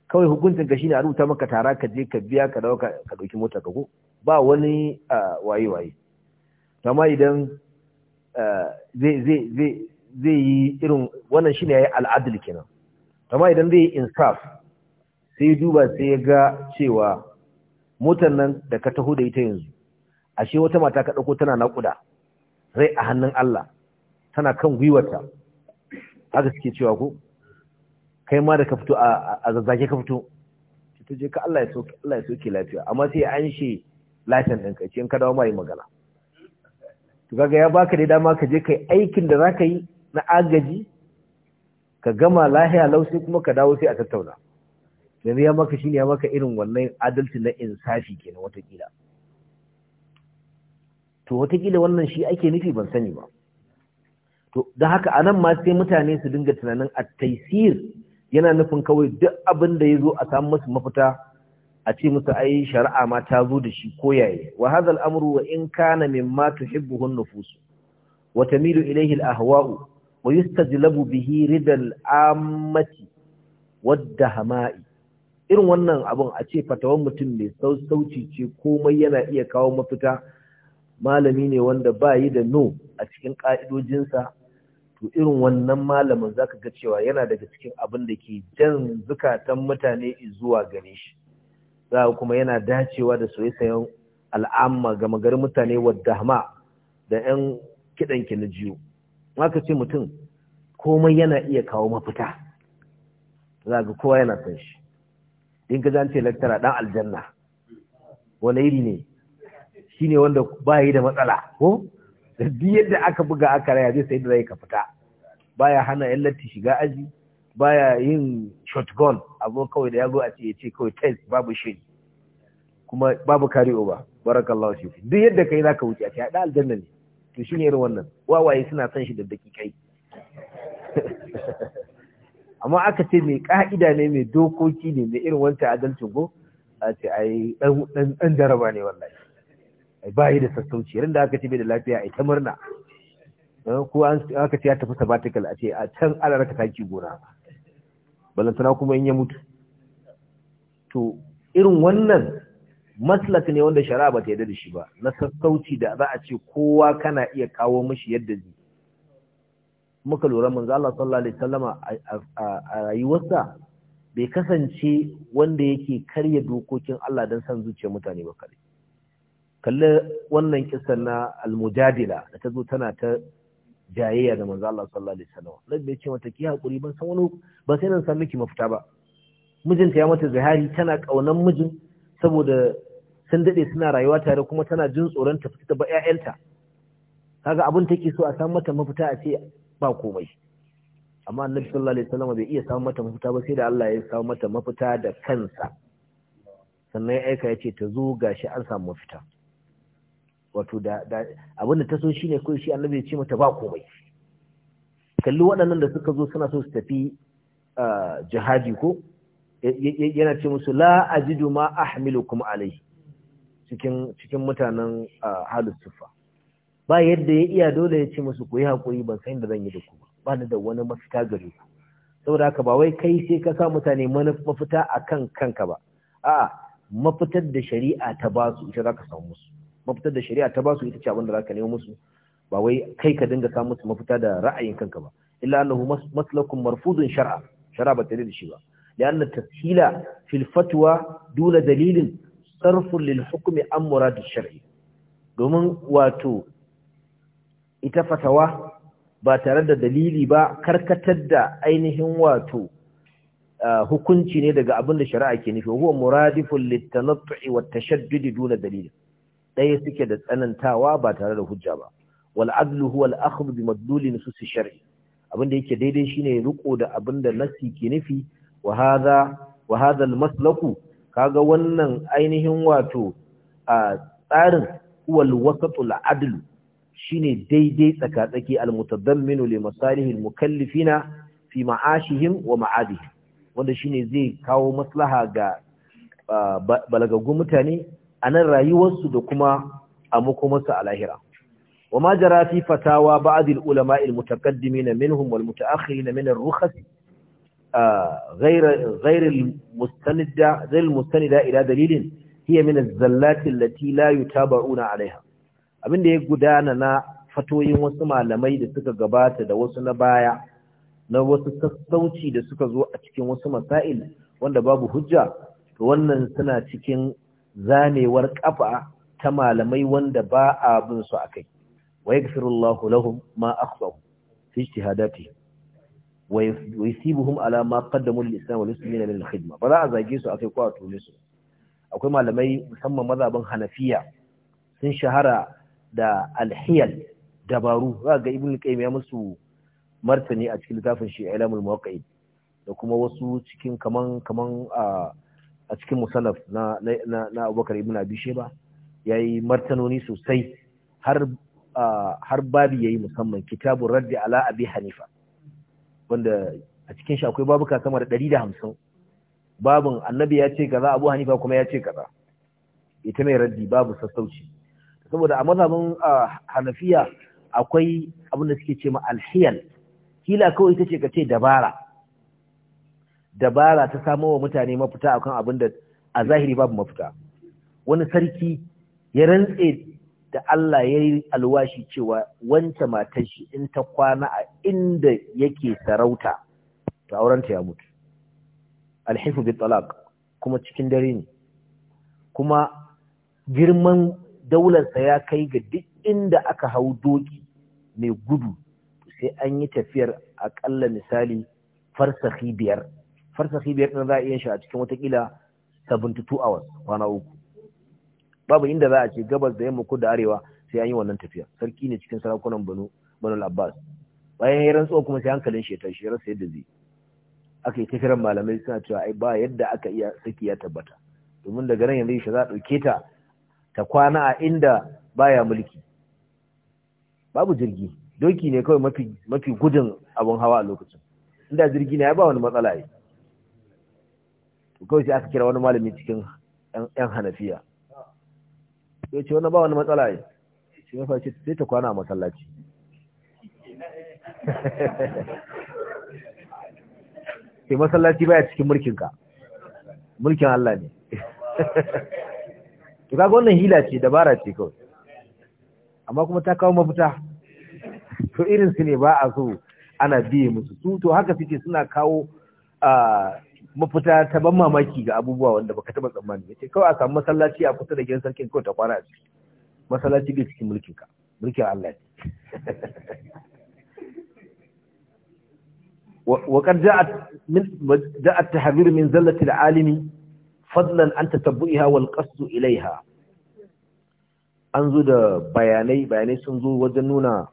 kawai hukuncin ka shine a rubuta maka tara ka je ka biya ka dawo ka ɗauki motar ka ko ba wani waye-waye amma idan zai yi irin wannan shi ne ya yi al'adul kenan amma idan zai yi insaf sai duba sai ya ga cewa motar nan da ka taho da ita yanzu ashe wata mata ka ɗauko tana naƙuda rai a hannun Allah tana kan gwiwata haka suke cewa ko kai ma da ka fito a zazzage ka fito ta je ka Allah ya soke lafiya amma sai an shi latin ɗinka ce in ka dawo magana to kaga ya baka da dama ka je kai aikin da zaka yi na agaji ka gama lahiya lau sai kuma ka dawo sai a tattauna yanzu ya maka shine ya maka irin wannan adalci na insafi kenan watakila to watakila wannan shi ake nufi ban sani ba to da haka anan ma sai mutane su dinga tunanin at-taysir yana nufin kawai duk abin da zo a samu musu mafita a ce musu ai shari'a ma ta zo da shi ko yaye wa hadha al-amru wa in kana mimma tuhibbuhu an-nufus wa tamilu ilayhi al-ahwa'u wa yustajlabu bihi ridal ammati wad dahamai irin wannan abun a ce fatawan mutum mai sauci ce komai yana iya kawo mafita malami ne wanda ba yi da no a cikin ka'idojinsa to irin wannan malamin zaka ga cewa yana daga cikin abin da ke jan zukatan mutane zuwa gare shi za kuma yana dacewa da soyayyen al'amma ga magarin mutane wadda da 'yan kiɗan jiyo. maka ce mutum komai yana iya kawo mafita za ga kowa yana son shi in ka zance laktara ɗan aljanna wani iri ne shi ne wanda ba yi da matsala ko da biyar da aka buga aka raya zai sai da zai ka fita Ba ya hana yan latti shiga aji baya yin shotgun abu kawai da ya zo a ce ya ce kawai test babu shiri kuma babu kari ba barakallahu fi duk yadda kai zaka wuce a ce hada aljanna ne to shine irin wannan wawaye suna son shi da kai amma aka ce mai ka'ida ne mai dokoki ne mai irin wancan adalcin go a ce ai dan dan jaraba ne wallahi ai yi da sassauci ran da aka ce bai da lafiya ai ta murna eh, ko an aka ce ya tafi sabatikal, a ce a can alaraka taki gona balantana kuma in ya mutu to irin wannan maslak ne wanda shari'a ba ta yarda da shi ba na sassauci da za a ce kowa kana iya kawo mashi yadda zai muka lura manzo Allah sallallahu alaihi wasallama a rayuwarsa bai kasance wanda yake karya dokokin Allah don san zuciyar mutane ba kare kalli wannan kisan na almujadila da ta zo tana ta jayayya da manzo Allah sallallahu alaihi wasallam nabi ya ce mata ki hakuri ban san wani ba sai nan san miki mafita ba mijinta ya mata zahari tana kaunan mijin saboda sun dade suna rayuwa tare kuma tana jin tsoron ta fita ba ƴaƴanta kaga abin take so a san mata mafita a ce ba komai amma annabi sallallahu alaihi wasallam bai iya samu mata mafita ba sai da Allah ya samu mata mafita da kansa sannan ya aika ya ce ta zo gashi an samu mafita wato da abinda ta so shine kawai shi annabi ya ce mata ba komai kalli waɗannan da suka zo suna so su tafi jihadi ko yana ce musu la ajidu ma ahmilukum alai cikin cikin mutanen halus sufa ba yadda ya iya dole ya ce musu ku yi hakuri ban san da zan yi da ku ba ni da wani mafita gari. ku saboda haka ba wai kai sai ka sa mutane mafita akan kanka ba a'a mafitar da shari'a ta basu ita zaka samu musu mafitar da shari'a ta su ita ce abin da ka nemo musu ba wai kai ka dinga samu musu mafita da ra'ayin kanka ba illa annahu maslakun marfudun shar'a shar'a ba ta da shi ba لأن التسهيل في dula دون دليل صرف للحكم an مراد الشرع domin wato ita fatawa ba tare da dalili ba karkatar da ainihin wato hukunci ne daga abin da shari'a ke nufi huwa muradifun litanattu'i wa tashaddudi duna dalilin ɗaya suke da tsanantawa ba tare da hujja ba wal adlu huwa al akhdhu bi madluli nusus shar'i abinda yake daidai shine riko da abinda nasi ke nufi wa hadha wa hadha al maslaku kaga wannan ainihin wato a tsarin huwa al wasatu al adl shine daidai tsakatsaki al mutadamminu li masalihi al mukallifina fi ma'ashihim wa ma'adihim wanda shine zai kawo maslaha ga balagagun mutane a nan rayuwarsu da kuma a makomarsu a lahira wa ma jara fi fatawa ba'd al-ulama al na minhum wal mutaakhirin na ar-rukhas غير غير المستندة غير المستندة إلى دليل هي من الزلات التي abin da ya gudana na fatoyin wasu malamai da suka gabata da wasu na baya na wasu sassauci da suka zo a cikin wasu masail wanda babu hujja to wannan suna cikin zanewar kafa ta malamai wanda ba a bin su akai wa yaghfirullahu lahum ma akhfahu fi ijtihadati wa yusibuhum ala ma qaddamu lil islam wal muslimina min khidma ba za a zage su akai ko a tone su akwai malamai musamman mazhaban hanafiya sun shahara da alhiyal dabaru za ga ibn qayyim ya musu martani a cikin littafin shi ilamul muwaqqi'in da kuma wasu cikin kaman kaman a ah, a cikin musannaf na na na Abubakar ibn Abi ya yayi martanoni sosai har har babi yayi musamman kitabun raddi ala Abi Hanifa wanda a cikin shi akwai babuka sama da 150 babun annabi ya ce kaza Abu Hanifa kuma ya ce kaza ita mai raddi babu sassauci saboda a mazhabin Hanafiya akwai abin da suke ce ma alhiyal kila kawai ita ce ka ce dabara dabara ta samo wa mutane mafita akan abin da a zahiri babu mafita wani sarki ya rantse da Allah ya yi alwashi cewa wance matar shi in ta kwana a inda yake sarauta to auranta ya mutu alhifu bi talaq kuma cikin dare ne kuma girman daularsa ya kai ga duk inda aka hau doki mai gudu sai an yi tafiyar akalla misali farsakhi biyar farsafi biyar ɗin za a iya shi a cikin watakila 72 hours kwana uku babu inda za a ce gabas da yamma ko da arewa sai an yi wannan tafiya sarki ne cikin sarakunan banu banu abbas bayan ya rantsuwa kuma sai hankalin shi ya tashi ya rasa yadda zai aka yi tafiyar malamai suna cewa ai ba yadda aka iya saki ya tabbata domin daga nan yanzu shi za a ɗauke ta ta kwana a inda baya mulki babu jirgi doki ne kawai mafi mafi gudun abun hawa a lokacin inda jirgi ne ya ba wani matsala kawai sai aka kira wani malami cikin yan hanafiya ya ce wani ba wani matsala ne shi mafa ce sai ta kwana a masallaci sai masallaci baya cikin mulkinka mulkin Allah ne to kaga wannan hila ce dabara ce kawai amma kuma ta kawo mafita to irin su ne ba a so ana biye musu su to haka suke suna kawo a ah, mafita ta ban mamaki ga abubuwa wanda baka taba tsammani yace kawai a samu masallaci a kusa da gidan sarkin kawai ta kwana a ciki masallaci bai cikin mulkin ka mulkin Allah ne wa kad ja'at min ja'at tahdhir min zallati al-alimi fadlan an tatabbu'iha wal qasd ilaiha an zo da bayanai bayanai sun zo wajen nuna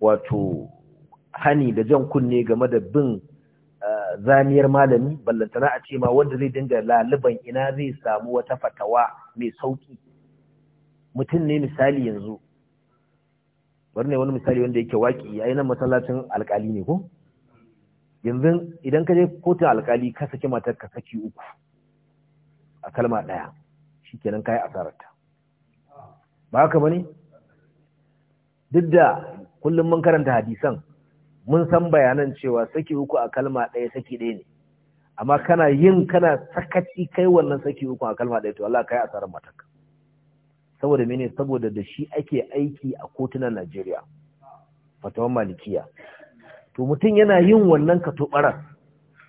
wato hani da jan kunne game da bin Zamiyar malami ballantana a ce ma wanda zai dinga laliban ina zai samu wata fatawa mai sauki mutum ne misali yanzu bari ne wani misali wanda yake waki yayi nan masallacin alkali ne ko yanzu idan ka je kotun alkali ka saki matar ka saki uku a kalma daya shikenan kai asararta ba haka bane duk da kullum mun karanta hadisan mun san bayanan cewa saki uku a kalma ɗaya saki ɗaya ne amma kana yin kana sakaci kai wannan saki uku a kalma ɗaya to Allah kai asarar mataka saboda mene saboda da shi ake aiki a kotunan Najeriya fatawan malikiya to mutum yana yin wannan ka tobarar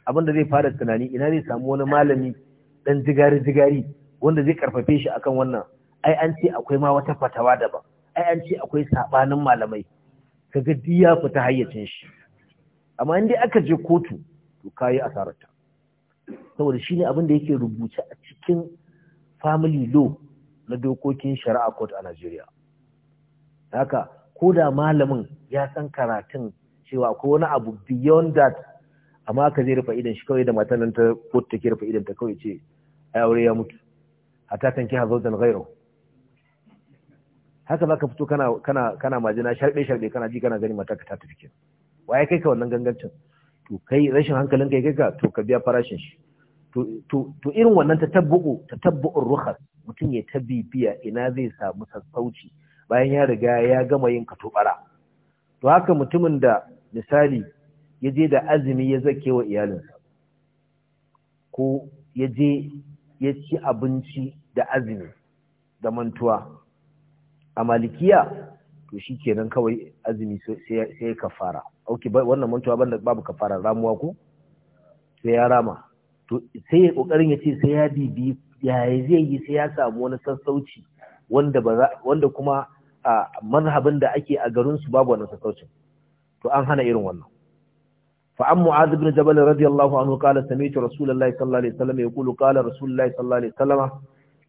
abinda zai fara tunani ina ne samu wani malami dan jigari jigari wanda zai karfafe shi akan wannan ai an ce akwai ma wata fatawa daban ai an ce akwai sabanin malamai kaga duk ya fita hayyacin shi amma in dai aka je kotu to kayi asararta saboda shine abin da yake rubuce a cikin family law na dokokin shari'a court a Najeriya haka ko da malamin ya san karatun cewa akwai wani abu beyond that amma aka je rufe idan shi kawai da matan nan ta kotu take rufe idan ta kawai ce ai aure ya mutu hatta hazo dan ghairu haka za ka fito kana kana kana majina sharbe sharbe kana ji kana gani mata ka ta tafi kin waye kai ka wannan gangancin to kai rashin hankalin kai kai ka to ka biya farashin shi to to to irin wannan ta tatabbu'ur rukhas mutum ya tabibiya ina zai samu sassauci bayan ya riga ya gama yin tobara to haka mutumin da misali ya je da azumi ya zake wa iyalinsa ko ya je ya ci abinci da azumi da mantuwa a malikiya to shi kenan kawai azumi sai ka kafara auki wannan mantuwa banda babu kafara ramuwa ko sai ya rama to sai ya kokarin ya ce sai ya bibi ya zai yi sai ya samu wani sassauci wanda ba wanda kuma a manhabin da ake a garin su babu wannan sassaucin to an hana irin wannan fa an mu'adh ibn jabal radiyallahu anhu qala sami'tu rasulullahi sallallahu alaihi wasallam yaqulu qala rasulullahi sallallahu alaihi wasallam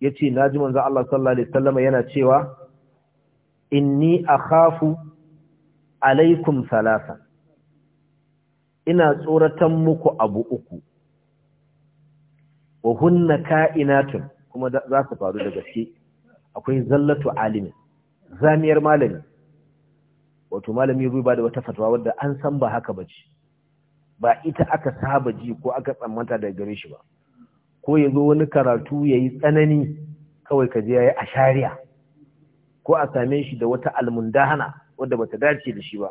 yace naji manzo Allah sallallahu alaihi wasallam yana cewa inni akhafu alaikum salasa ina tsoratan muku abu uku wa hunna ka'inatun kuma za su faru da gaske akwai zallatu alimi zamiyar malami wato malami ruwa ba da wata fatawa wadda an san ba haka bace ba ita aka saba ji ko aka tsammanta daga gare shi ba ko ya wani karatu ya yi tsanani kawai ka je ya yi shari'a. ko a same shi da wata almundahana wadda bata dace da shi ba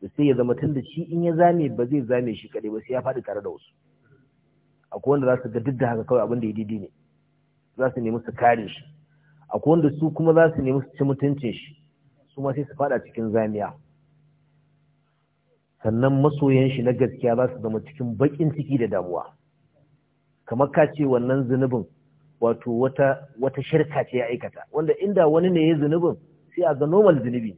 da sai ya zama tunda shi in ya zame ba zai zame shi kadai ba sai ya faɗi tare da wasu akwai wanda za su ga duk da haka kawai abin da ya didi ne za su nemi su kare shi akwai wanda su kuma za su nemi su ci mutuncin shi su ma sai su faɗa cikin zamiya sannan masoyan shi na gaskiya za su zama cikin baƙin ciki da damuwa kamar ka ce wannan zunubin wato wata wata shirka ce ya aikata wanda inda wani ne ya zunubin sai a ga normal zunubi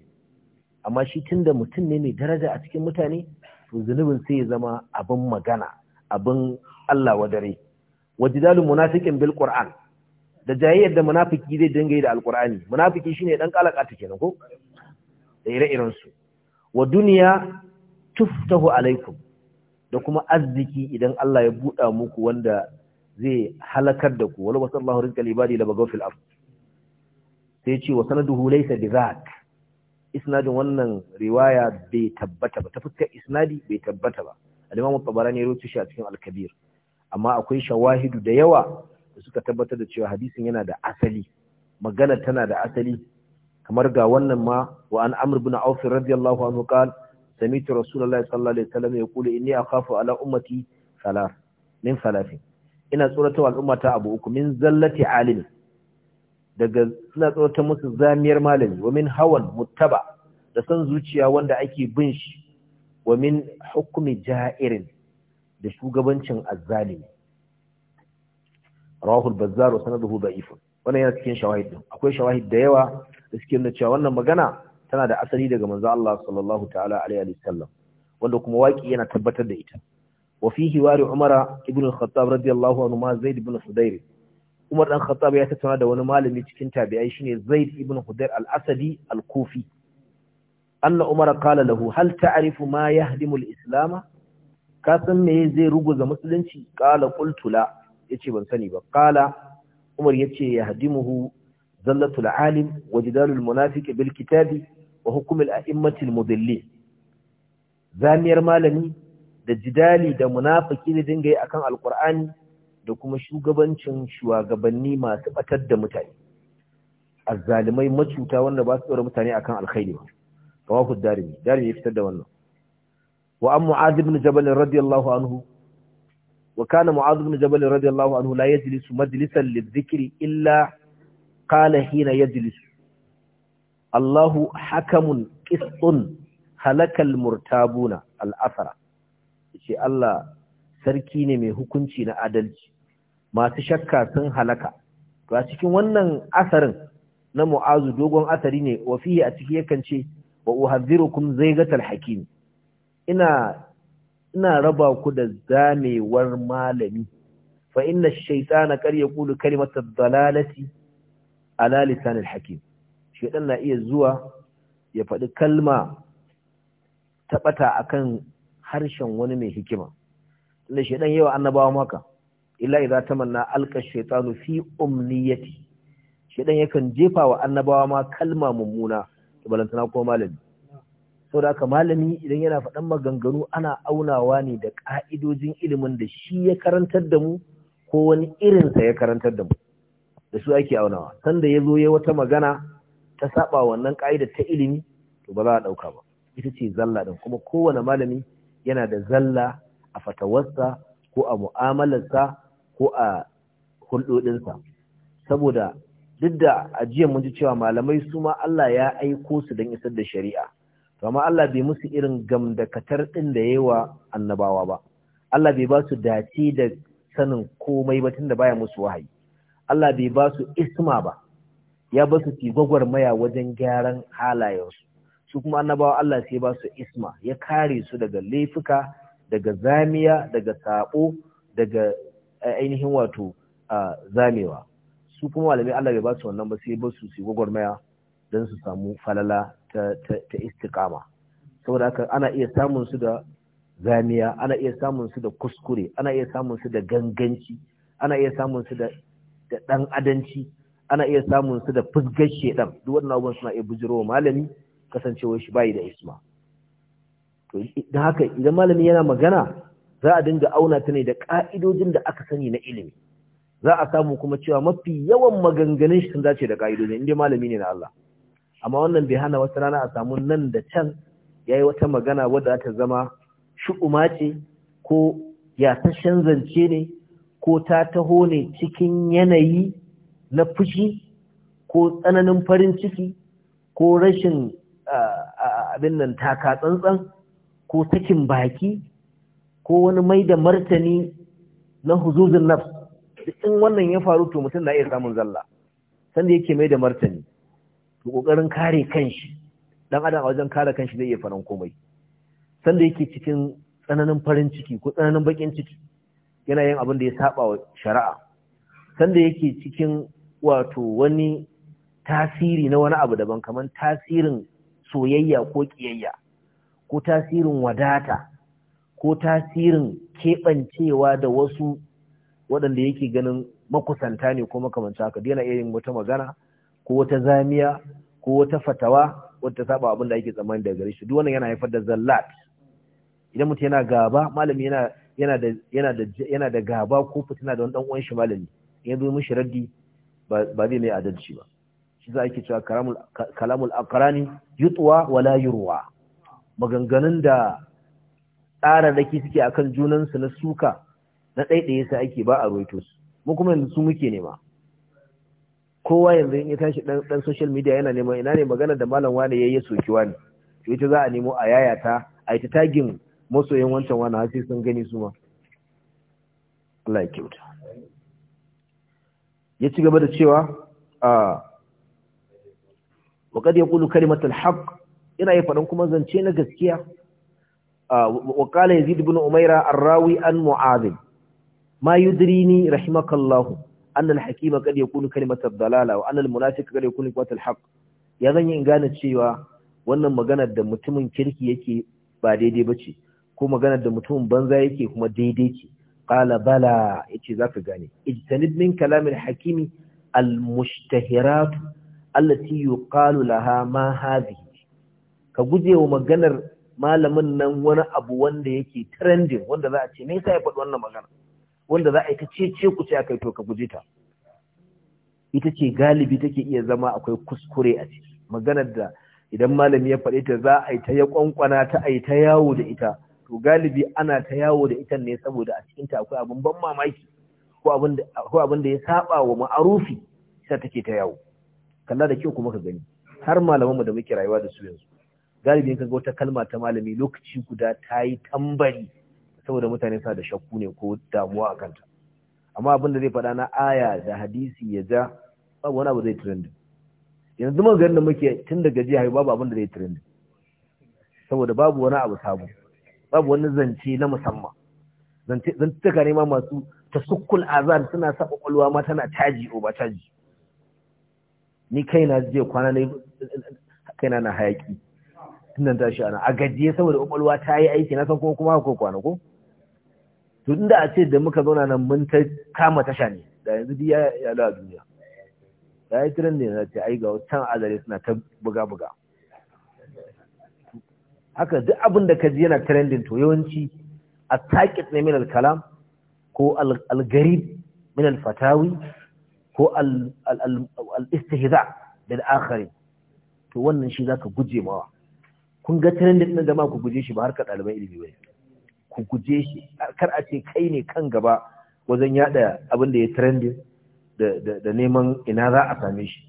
amma shi tunda mutum ne mai daraja a cikin mutane to zunubin sai ya zama abin magana abin Allah wa dare wajidalu munafiqin bil qur'an da jayayyar da munafiki zai dinga yi da alqur'ani munafiki shine dan kalaka ta kenan ko da ire-iren su wa duniya tuftahu alaikum da kuma arziki idan Allah ya buɗa muku wanda zai halakar da ku Wani wasu Allah rizqa libadi la bagaw sai ce wa sanaduhu laysa bizak isnadin wannan riwaya bai tabbata ba ta fuskar isnadi bai tabbata ba Alimamin imam Tabarani ya rubuta shi a cikin al amma akwai shawahidu da yawa da suka tabbatar da cewa hadisin yana da asali magana tana da asali kamar ga wannan ma wa an Amr ibn Auf radiyallahu anhu qala sami'tu Rasulullahi sallallahu alaihi wasallam yaqulu inni akhafu ala ummati salat min falafin. ina tsoratar al'umma ta abu uku min zallati alim daga ina tsoratar musu zamiyar malami wa min hawan muttaba da san zuciya wanda ake bin shi wa min hukumi ja'irin da shugabancin azzalimi rahul bazzar wa sanaduhu da'ifun wannan yana cikin shawahid din akwai shawahid da yawa da suke nuna cewa wannan magana tana da asali daga manzo Allah sallallahu ta'ala alaihi wa wanda kuma waki yana tabbatar da ita Wafihi wari عمر ابن الخطاب رضي الله عنه ما زيد بن حدير Umar dan Khattab ya tattauna da wani malami cikin tabi'ai shine Zaid ibn Hudair al-Asadi al-Kufi allah Umar qala lahu hal ta'rifu ma yahdimu al-islam ka san me zai ruguza musulunci qala qultu la yace ban sani ba qala Umar yace yahdimuhu zallatul alim wa jidalul munafiq bil kitabi wa hukm al-a'immati al-mudillin zamiyar malami da jidali da munafiki da dinga yi akan alkur'ani da kuma shugabancin shugabanni masu batar da mutane azzalimai macuta wanda ba su tsora mutane akan alkhairi ba ku darimi darimi ya fitar da wannan wa an mu'adh ibn jabal radiyallahu anhu wa kana mu'adh ibn jabal radiyallahu anhu la yajlisu majlisan lidhikri illa qala hina yajlisu Allahu hakamun qistun halakal murtabuna al-asra ce Allah sarki ne mai hukunci na adalci masu shakka sun halaka to cikin wannan asarin na mu'azu dogon asari ne wa fihi a ciki yakan ce wa uhadhirukum zaygatal hakim ina ina raba ku da zamewar malami fa inna ash-shaytana qad yaqulu kalimata ad-dalalati ala lisan al-hakim shaytan na iya zuwa ya faɗi kalma ta akan harshen wani mai hikima tunda shedan yawa annabawa maka illa idza tamanna alqa shaytanu fi umniyati shedan yakan jefa wa annabawa ma kalma mummuna to balantana ko malami da haka malami idan yana faɗan maganganu ana aunawa ne da ka'idojin ilimin da shi ya karantar da mu ko wani irin sa ya karantar da mu da su ake aunawa sanda ya zo ya wata magana ta saba wannan ka'ida ta ilimi to ba za a ɗauka ba ita ce zalla din kuma kowane malami yana da zalla a fatawarsa ko a mu'amalarsa ko a hulɗoɗinsa saboda duk da ajiyar mun ji cewa malamai su ma Allah ya aiko su don isar da shari'a to amma Allah bai musu irin gamdakatar ɗin da wa annabawa ba Allah bai ba su dace da sanin komai ba da baya musu wahayi Allah bai ba su isma ba ya ba su gwagwarmaya wajen gyaran halayensu su kuma annabawa Allah sai ba su isma ya kare su daga laifuka daga zamiya daga sabo daga eh, ainihin wato zamewa su kuma malamai Allah bai ba su wannan ba sai ba su su gwagwarmaya don su samu falala ta ta istiqama saboda haka ana iya samun su da zamiya ana iya samun su da kuskure ana iya samun su da ganganci ana iya samun su da da dan adanci ana iya samun su da fusgar shedan duk wannan abubuwan suna iya bujirowa malami kasancewar shi bai da isma to da haka idan malami yana magana za a dinga auna ta ne da ka'idojin da aka sani na ilimi za a samu kuma cewa mafi yawan maganganun shi sun dace da ka'idojin inda malami ne na Allah amma wannan bai hana wata rana a samu nan da can yayi wata magana wadda ta zama shu'uma ce ko ya ta zance ne ko ta taho ne cikin yanayi na fushi ko tsananin farin ciki ko rashin abin nan taka tsantsan ko sakin baki ko wani mai da martani na huzuzin nafs in wannan ya faru to mutum na iya samun zalla sanda yake mai da martani to kokarin kare kanshi dan adam a wajen kare kanshi zai iya faran komai sanda yake cikin tsananin farin ciki ko tsananin bakin ciki yana yin abin da ya saba wa shari'a sanda yake cikin wato wani tasiri na wani abu daban kamar tasirin soyayya ko ƙiyayya ko tasirin wadata ko tasirin keɓancewa da wasu waɗanda yake ganin makusanta ne ko makamanci haka yana iya yin wata magana ko wata zamiya ko wata fatawa wadda saba abin da ake tsammani daga gare shi duk yana haifar da zallat idan mutum yana gaba malami yana da yana da da gaba ko fitina da wani dan uwan shi malami yanzu mun shi ba zai mai adalci ba shi za ke cewa kalamul akarani yutuwa wala yurwa maganganun da tsararraki suke akan junansu na suka na ɗaiɗaya sa ake ba a roito su mu kuma yanzu su muke nema kowa yanzu in ya tashi ɗan social media yana neman ina ne magana da malam wani ya soki wani to ita za a nemo a yaya ta, a yi ta tagin masoyan wancan wani har sai sun gani su ma Allah ya kyauta ya ci gaba da cewa a ah, wa kad yaqulu kalimatul haqq yana yi faɗin kuma zance na gaskiya wa qala yazid ibn umaira arrawi rawi an mu'adh ma yudrini rahimakallahu anna al-hakima kad yakunu kalimatul dalala wa anna al-munafiqa kad yakunu kalimatul haqq ya zan in gane cewa wannan maganar da mutumin kirki yake ba daidai bace ko maganar da mutumin banza yake kuma daidai ce qala bala yace zaka gane ijtanib min kalamil hakimi al-mushtahirat allati yuqalu laha ma hadhihi ka gujewa maganar malamin nan wani abu wanda yake trending wanda za a ce me yasa faɗi wannan magana wanda za a yi ta ce ku ce akai to ka guje ta ita ce galibi take iya zama akwai kuskure a ciki maganar da idan malami ya faɗi ta za a yi ta ya kwankwana ta a yi ta yawo da ita to galibi ana ta yawo da ita ne saboda a cikin ta akwai abin ban mamaki ko abin da ya saba wa ma'arufi sai take ta yawo kalla da kyau kuma ka gani har malamanmu da muke rayuwa da su yanzu galibi ka ga wata kalma ta malami lokaci guda ta yi tambari saboda mutane sa da shakku ne ko damuwa a kanta amma abin da zai faɗa na aya da hadisi ya ja babu wani abu zai trend yanzu mun ga da muke tun daga jiya babu abin da zai trend saboda babu wani abu sabu, babu wani zance na musamman zance zance ta ma masu tasukkul azan suna sa kwakwalwa ma tana taji o ba caji ni kaina jiya kwana ne kaina na hayaki nan tashi ana a gajiye saboda kwakwalwa ta yi aiki na san kuma kuma ko kwana ko to inda a ce da muka zauna nan mun ta kama tasha ne da yanzu biya ya da duniya da ya tiran ne na ce ai ga wancan azare suna ta buga buga haka duk abin da ka ji yana trending to yawanci a taqit ne min al-kalam ko al-garib min al-fatawi ko al da bil akhari to wannan shi zaka guje mawa kun ga tarin da nan jama'a ku guje shi ba harka ɗaliban ilimi bane ku guje shi kar a ce kai ne kan gaba wajen yada abin da ya trending da neman ina za a same shi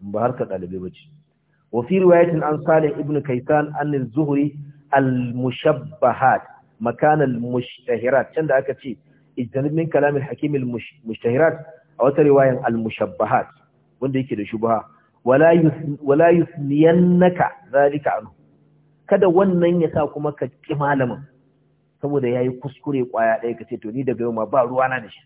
ba harka ɗalibai ba ce fi riwayatin an sale ibn kaisan an zuhuri al-mushabbahat makan al-mushtahirat can da aka ce ijtanib min kalam al mushtahirat a wata riwayan al-mushabbahat wanda yake da shubha wala yusniyannaka zalika anhu kada wannan ya sa kuma ka ki malamin saboda yayi kuskure kwaya ɗaya kace to ni daga yau ma ba ruwa da shi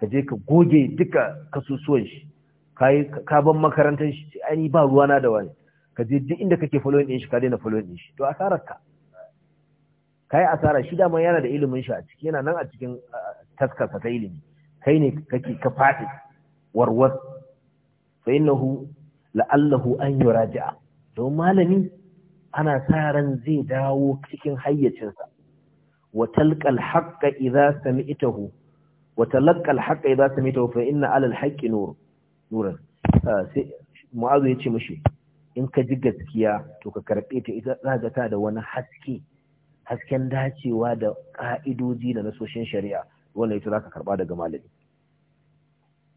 ka je ka goge duka kasusuwan shi kai ka ban makarantar shi ai ba ruwa na da wani ka je duk inda kake following din shi ka daina following din shi to asarar ka kai asara shi dama yana da ilimin shi a ciki yana nan a cikin taska ta ilimi kai ne kake ka faɗi warwar fa innahu la'allahu an yuraja'a don malami ana sa ran zai dawo cikin hayyacinsa wa talqal haqqa idza sami'tahu wa talqal haqqa idza sami'tahu fa inna 'ala al-haqqi nur nuran ah, sai mu'azu yace mishi in ka ji gaskiya to ka karɓe ta ita zaka ta da wani haske hasken dacewa da ka'idoji da nasoshin shari'a wannan ita za ka karba daga malami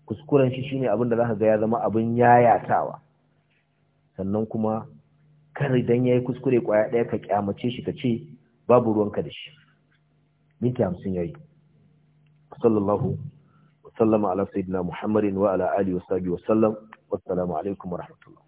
kuskuren shi shine abin da za ka ga ya zama abin yayatawa sannan kuma kar idan ya yi kuskure kwaya ɗaya ka kyamace shi ka ce babu ruwanka da shi minti hamsin ya yi sallallahu wasallama ala sayyidina muhammadin wa ala alihi wa sahbihi wasallam wassalamu alaikum wa rahmatullah